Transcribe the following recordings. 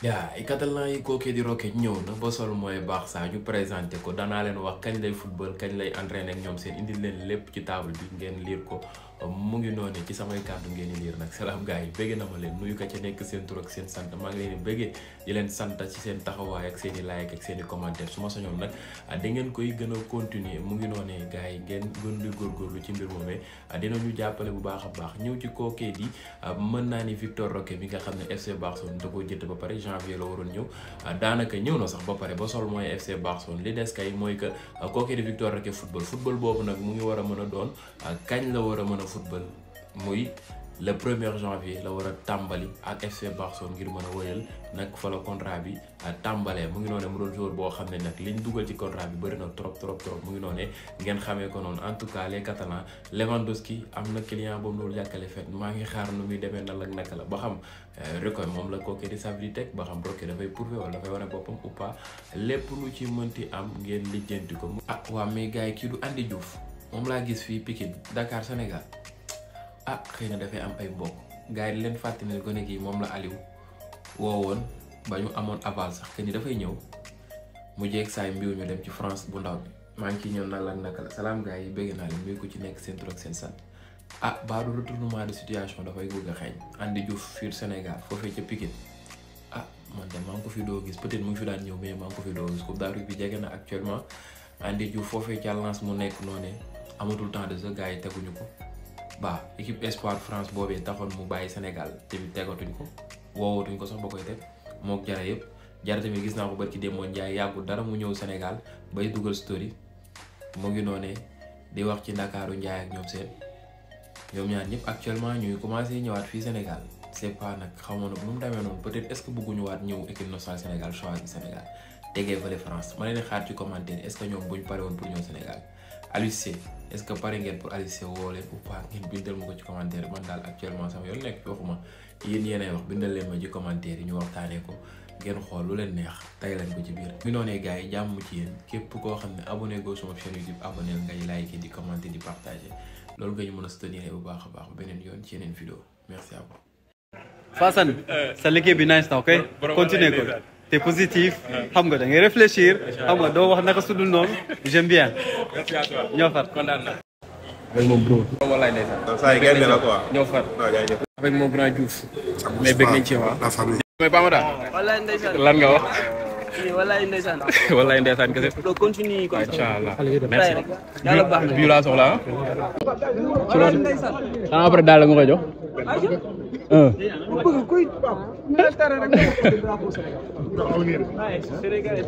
yaa ay catalan yi kookee di roquet ñëw na ba sol mooy baax saa ñu présenté ko danaa leen wax kañ lay football kañ lay entraîné ak ñoom seen indil leen lépp ci table bi ngeen liir ko mu ngi noonu ci samay kàddu ngeen liir nag salaam gars yi bëgg na ma leen nuyu ca nekk seen tur ak seen sant maa ngi leen di bëggee di leen sant ci seen taxawaay ak seen i like ak seen i commentaire su ma sañoon nag ah, da ngeen koy gën a continuer mu ngi noonu gars yi ngeen gën di góorgóorlu ci mbir moomee ah, dinañu jàppale bu baax a baax ñëw ci kookee di ah, mën naa ni Victor Roque bi nga xam ne FC Barcelone da koo jënd ba pare janvier la waroon ñëw daanaka ñëw na sax ba pare ba sol mooy FC Barcelone li des kay mooy que kookee di Victor Roque football football boobu nag mu ngi war a mën a doon kañ la war a mën a football muy le premier janvier la war a tàmbali ak FC Barcelone ngir mën a wëyal nag fa la contrat bi tàmbalee mu ngi noonee mu doon joueur boo xam ne nag liñ dugal ci contrat bi bëri na trop trop trop mu ngi noonee ngeen xamee ko noonu en tout cas les Catalans Lewandowski am na client boobu loolu yàkkale fet maa ngi xaar nu muy demee nan ak naka la ba xam euh, rekoy moom la kooke di sabli teg ba xam roke dafay prouvé wala dafay a boppam ou pas lépp lu ci am ngeen lijjanti ko ah waa mais gars yi kii du laa gis fii Pikine Dakar Sénégal ah xëy na dafay am ay mbokk gars yi di leen fàttali ne gone gi moom la Aliou woon ba ñu amoon aval sax que ni dafay ñëw mu jeeg saay mbiw ñu dem ci France bu ndaw bi maa ñëw na lan naka la yi bëgg naa leen muy ko ci nekk seen tur ak seen sant ah baadu retournement de situation dafay bëgg a xeeñ Andy Diouf fii Sénégal foofee ca Pikine ah man de maa ko fi doo gis peut-être mu ngi fi daan ñëw mais maa ngi ko fi doo gis coupe d'Afrique bi jege na actuellement Andy Diouf foofee ca Lens mu nekk noonu amatul temps de jeu yi teguñu ko Ba équipe espoir France boobee taxoon mu bàyyi Sénégal te tegatuñ ko woowatuñ ko sax ba koy teg mook jara yëpp jara tamit gis naa ko bërki démb Ndiaye yàggul dara mu ñëw Sénégal bay dugal story mu ngi noonee di wax ci Ndakaaru Ndiaye ak ñoom seen ñoom ñaar ñëpp actuellement ñuy commencé ñëwaat fii Sénégal c'est pas nag xaw ma nu mu demee noonu peut-être est waat ñëw équipe nationale Sénégal choix Sénégal tegee fële France ma leen xaar ci commentaire Aliou Cissé est-ce que pare ngeen pour Aliou Cissé woo leen ou pas ngeen bindal ma ko ci commentaire man daal actuellement sama yoon nekk waxuma yéen yéenay wax bindal ma ci commentaire yi ñu waxtaanee ko ngeen xool lu leen neex tay ko ci biir mi noonee gars jàmm ci yéen képp koo xam ne abonné goo sama chaîne YouTube abonné ngay liké di commenté di partagé loolu nga ñu mën a soutenir bu baax a baax beneen yoon ci yeneen vidéo merci à bi nice na t'es positif xam nga da ngay réfléchir xam nga doo wax naka sudul noonu j'aime bien. merci à toi ñoo far kontaan na. avec mon bro. walaay ndeysaan. saa yi gerte la quoi ñoo far. avec mon grand Diouf. mais bëgg nañ ci waaw. mais Bamada. walaay lan nga wax. walaay ndeysaan. walaay ndeysaan kese. donc continue comme ça. inchaallah merci. yàlla baax na bii laa soxla ah. ci loolu. après daal la nga koy bu bëgg kuy tara rek drapeau Sénégal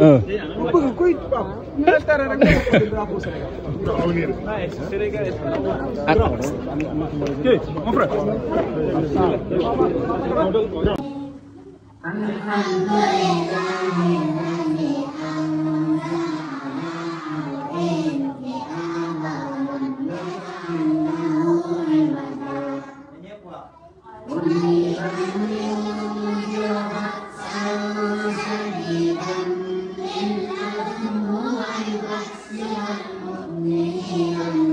mu bëgg koy tubaab ñu la tere rek nga drapeau Sénégal. Sénégal. يا مؤمنا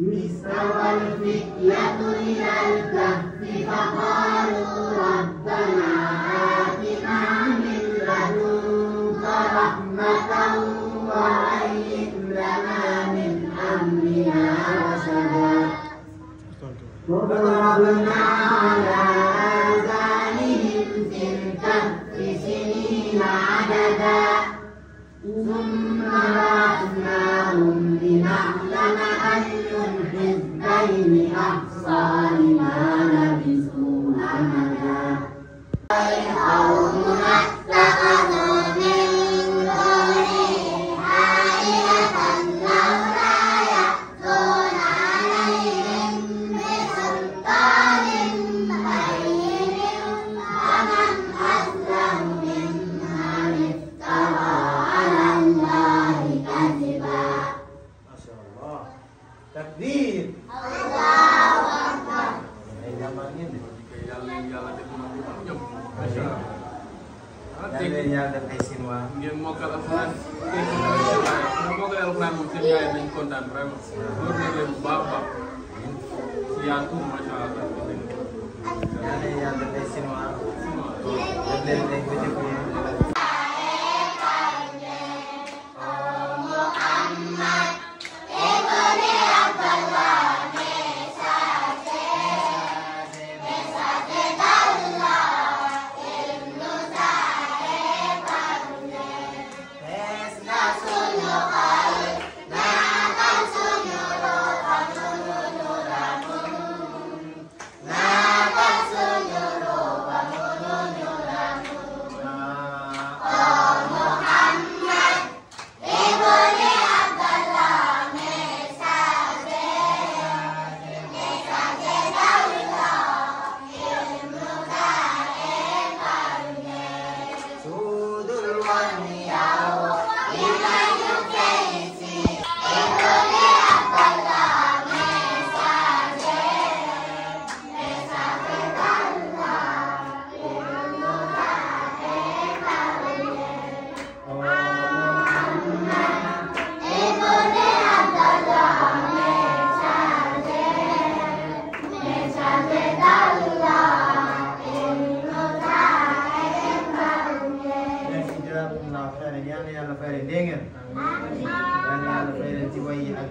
استوى الفتية إلى الكهف فقالوا ربنا آتنا من لدنك رحمة وهيئ لنا من أمرنا رشدا وضربنا على yàlla na yàlla def ay Sinoa. ngeen mokkal alxuraan ngeen mokkal alxuraan ngeen mokkal alxuraan moom seen yaay dañ kontaan vraiment. loolu la leen bu baax a baax. si yaa tur macha allah. yàlla na yàlla def ay Sinoa. def leen ay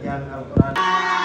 jàng alquran